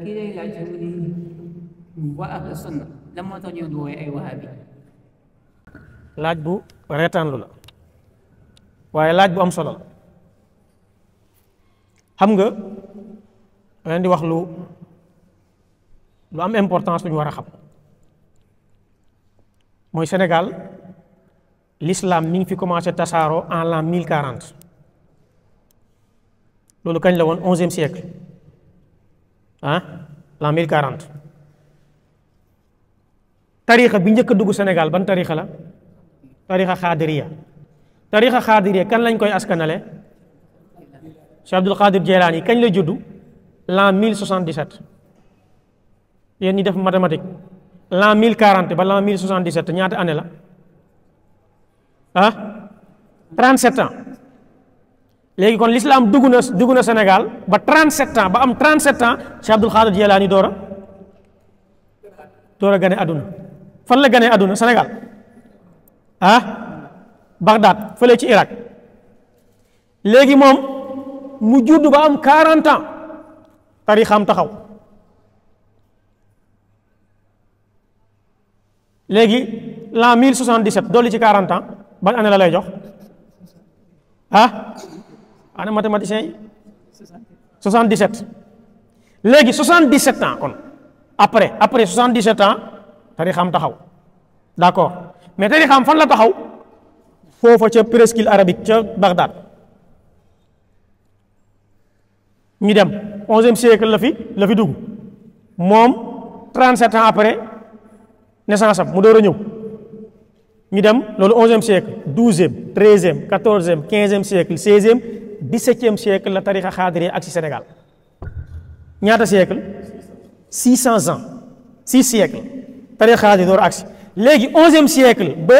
kii day laaj mu ni waa ay wahabi bu reetaanlu la waaye laaj bu am solo la xam nga di wax lu lu am importance lu ñu war a xam mooy Sénégal l'islam mi ngi fi commencé tasaaroo en l'an mille quarante loolu kañ la woon onzième siècle ah l'an 1040 tarixa bi njëkk dugg Sénégal ban tarixa la tarixa xaadiriya tarixa xaadiriya kan lañ koy askanale Cheikh Abdul Qadir Jeylaani kañ la juddu l'an 1077 yéen ñi def mathématique l'an 1040 ba l'an 1077 ñaata année la ah 37 ans léegi kon l'islam dugg na dugg na Sénégal ba 37 ans ba am 37 ans Cheikh Abdul Xaadir Jilaani door a door fan la gane àdduna Sénégal ah Bagdad fële ci Irak léegi moom mu judd ba am 40 ans tarixam taxaw léegi l'an 1077 dolli ci 40 ans ban année la lay jox ah ana mathématicien yi 77 léegi 77 ans kon après après 77 ans tarixam taxaw d' accord mais tarixam fan la taxaw foofa ca presqu'île arabique ca Bagdad ñu dem 11e siècle la fi la fi dugg moom 37 ans après naissance am mu door a ñëw ñu dem loolu 11e siècle 12e 13e 14e 15e siècle 16e dix-septième siècle la tarixa xaadir ak si Sénégal ñaata siècle six cents ans six siècles tarixa léegi onzième siècle ba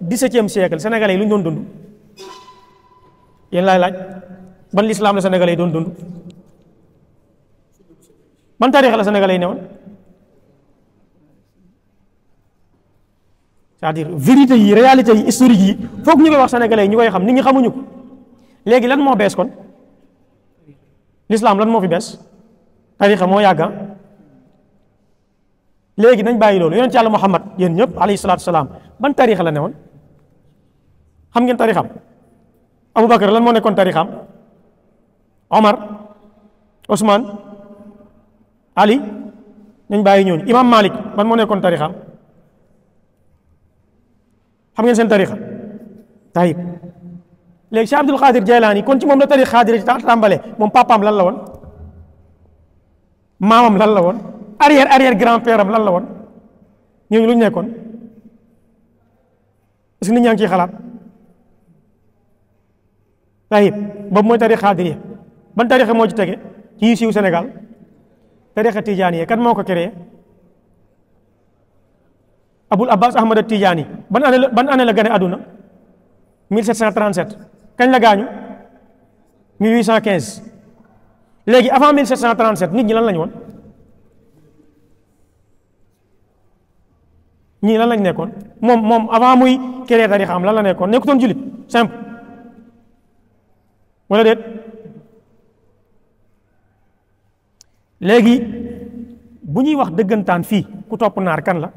dix-septième siècle yi lu ñu doon dund yéen laay laaj ban lislaam la sénégalais doon dund ban tarixa la sénégalais yi newoon c'est-à-dire vérité yi réalité yi historique yi foog ñu koy wax sénégalais yi ñu koy xam nit ñi xamuñu ko léegi lan moo bees kon lislaam lan moo fi bees tarixa moo yàgga ah? léegi nañ bàyyi loolu yonent yàlla muhammad yéen ñëpp alayhi salaatu salaam ban tarixa la ne woon xam ngeen tarixam aboubacar lan moo nekkoon tarixam omar ousmane ali nañ bàyyi ñooñu imam malik ban moo nekkoon tarixam xam ngeen seen tarixa léegi Cheikh Abdul Xaadir Jaylaani kon ci moom la tari xaadir ci tax tàmbale moom papa lan la woon maamam lan la woon arrière arrière grand père am lan la woon ñooñu lu ñu nekkoon est-ce que nit ñaa ngi ciy xalaat ayib boobu mooy tarix xaadir ban tarix moo ci tege ci senegal siiw Sénégal tarixa Tijaani yi kan moo ko créé Abul Abbas Ahmad Tijaani ban année la ban année la gane àdduna 1737 kañ la gaañu 1815 léegi avant 1737 nit ñi lan lañ woon ñii lan lañ nekkoon moom moom avant muy créer tarixa am lan la nekkoon nekkutoon julit simple wala déet léegi bu ñuy wax dëggantaan fii ku topp naar kan la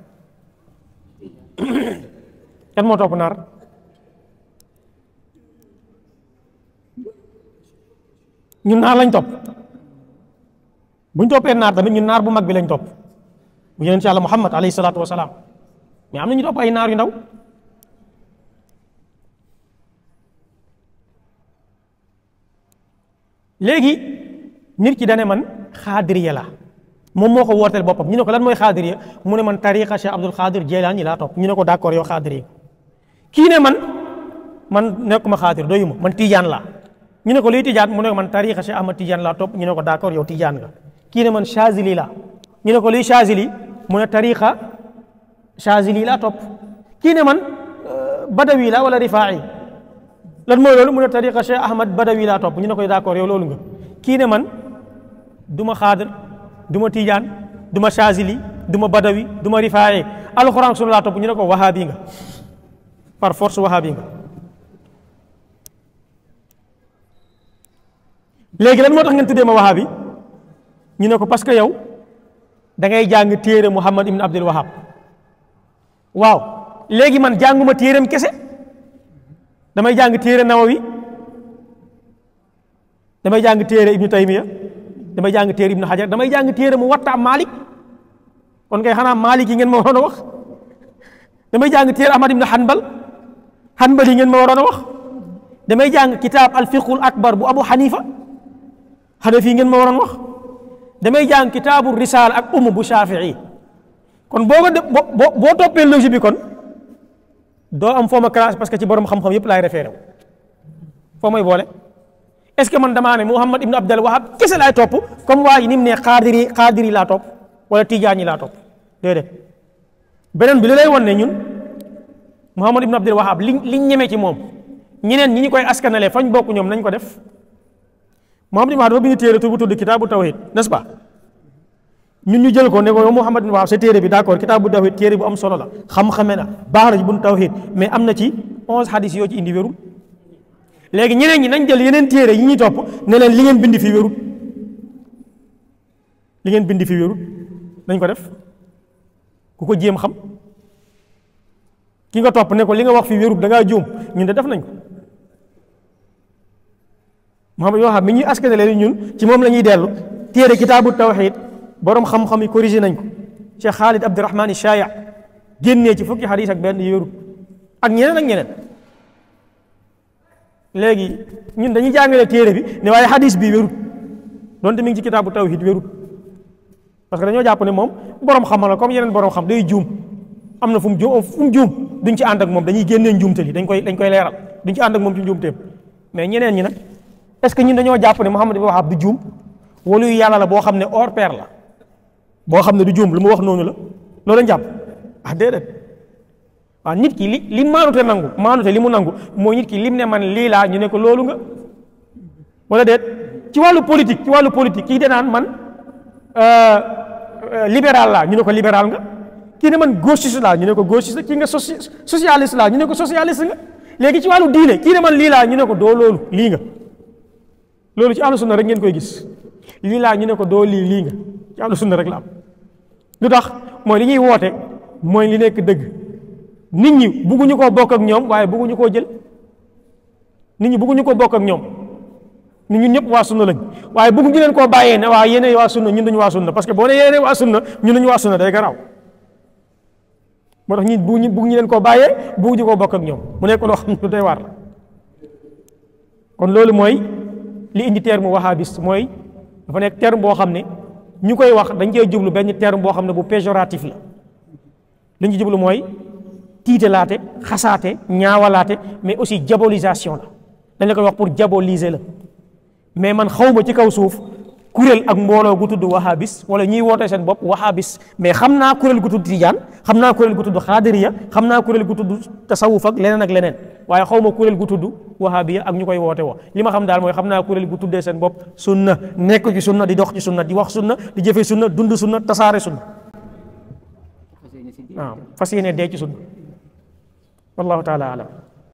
kan moo topp naar ñun naar lañ top buñ topé naar tamit ñun naar bu mag bi lañ top bu yeen ci muhammad alayhi salatu wassalam mais am na top mir ay naar yu ndaw légui nit ki dane man Khadir la mom moko ko bopam ñu ne ko lan Khadir, xaadiriya mu ne man tariqa cheikh abdul Khadir jeylaani la top ñu ne ko d'accord yo Khadir. ki ne man man nekuma Khadir, doyuma man tidiane la ñu ne ko luy tijaan mu ko man tariixa Cheikh Ahmad Tijaan laa topp ñu ne ko d'accord yow tijaan nga kii ne man Chazili la ñu ne ko luy Chazili mu ne tariixa Chazili laa topp kii ne man euh, Badawi la wala Rifaa'i lan mooy loolu mu ne tariixa Cheikh Ahmad Badawi laa topp ñu ne ko d'accord yow loolu nga kii ne man duma ma xaadir du ma tijaan du ma Chazili du ma Badawi du ma Rifaa'i alxuraan sunu laa topp ñu ne ko wahaabi nga par force wahaabi nga léegi lan moo tax ngeen tuddee ma wahabi ñu ne ko parce que yow da ngay jàng téere Muhammad ibn Abdul Wahab waaw léegi man jànguma kese damay jàng téere Nawawi damay jàng téere ibnu Taymiya damay jàng téere ibnu Hajar damay jàng téere mu watta Malik kon kay xanaa Malik yi ngeen ma waroon a wax damay jàng téere Ahmad ibn Hanbal Hanbal yi ngeen ma waroon a wax damay jàng kitaab al fiqhul akbar bu Abu Hanifa xanaa fii ngeen ma waroon wax damay jàng kitaabu risaal ak umu bu Shafii kon boo ko de boo boo toppee logique bi kon doo am foo ma parce que ci borom xam-xam yëpp laay référé wu foo may boole est ce que man damaa ne Muhammad ibn Abdul Wahab kese laay topp comme waa ji ni mu ne xaadiri xaadiri laa topp wala ñi laa topp déedéet beneen bi li lay ne ñun Muhammad ibn Abdul Wahab li liñ ñeme ci moom ñeneen ñi ñu koy askanalee fañ bokk ñoom nañ ko def. ni maado bi ni téré bu di kitaabu tawhid n'est-ce pas ñun ñu jël ko ne ko Muhammad ibn Wahab sa téré bi d'accord kitaabu tawhid téré bu am solo la xam-xame na baax bu tawhid mais amna ci 11 hadis yo ci indi wérul légui ñeneen ñi nañ jël yeneen téré yi ñi top ne leen li ngeen bind fi wérul li ngeen bind fi wérul nañ ko def ku ko jëm xam ki nga top ne ko li nga wax fi wérul da nga joom ñun def nañ ko moom yoo xam mi ñuy askanale ñun ci moom la ñuy dellu téere kitaabu tawxid borom xam-xam yi corrigé nañ ko Cheikh Khalid Abdurahman Shaaya génnee ci fukki xadis ak benn yéeru ak ñeneen ak ñeneen léegi ñun dañuy jàngale téere bi ne waaye xadis bi wérut donte mi ngi ci kitaabu tawxid wérut parce que dañoo jàpp ne moom borom xam la comme yeneen borom xam day juum am na fu mu juum fu mu duñ ci ànd ak moom dañuy génnee njuumte li dañ koy dañ koy leeral duñ ci ànd moom ci njuumteem mais ñeneen ñi nag. est que ñun dañoo jàpp ne Muhammad ibn Wahab du juum wala yàlla la boo xam ne hors pair la boo xam ne du juum lu mu wax noonu la loolu lañ jàpp ah déedéet waaw ah, nit ki li li maanute nangu maanute li mu nangu mooy ñit ki lim ne man lii laa ñu ne ko loolu nga ci wàllu politique ci wàllu politique kii danaan man euh, euh, libéral laa ñu ne ko libéral nga kii man gauchiste laa ñu ne ko gauchiste kii nga socialiste laa ñu ne ko socialiste nga léegi ci wàllu diine kii ne man lii laa ñu ne ko doo loolu lii nga loolu ci ahlu sunna rek ngeen koy gis lii laa ñu ne ko doo lii lii nga ci ahlu sunna rek la am lu tax mooy li ñuy woote mooy li nekk dëgg nit ñi bugguñu koo bokk ak ñoom waaye bugguñu koo jël nit ñu bugguñu koo bokk ak ñoom nit ñun ñëpp waa sunna lañ waaye bugguñu leen koo bàyyee ne waa yéene waa sunna ñun duñu waa parce que boo ne yéene waa sunna ñun duñu waa sunna day garaw moo tax ñi bugg bugguñu leen koo bàyyee bugguñu koo bokk ak ñoom mu nekk loo xam ne day waar kon loolu mooy li indi terme wahabiste mooy dafa nekk terme boo xam ne ñu koy wax dañ koy jublu benn terme boo xam ne bu péjoratif la li ñu jublu mooy tiitalaate xasaate ñaawalaate mais aussi jabolisation la dañ la koy wax pour diaboliser la mais man xawma ci kaw suuf kuréel ak mbooloo gu tudd wahabis wala ñuy woote seen bopp wahabis mais xam naa kuréel gu tudd tijaan xam naa kuréel gu tudd xaadiriya xam naa kuréel gu tudd tasawuf ak leneen ak leneen waaye xawma ma kuréel gu tudd wahabiya ak ñu koy woote woo li ma xam daal mooy xam naa kuréel gu tuddee seen bopp sunna nekk ci sunna di dox ci sunna di wax sunna di jëfe sunna dund sunna tasaare sunna waaw fas yéene dee ci sunna wallahu taala alam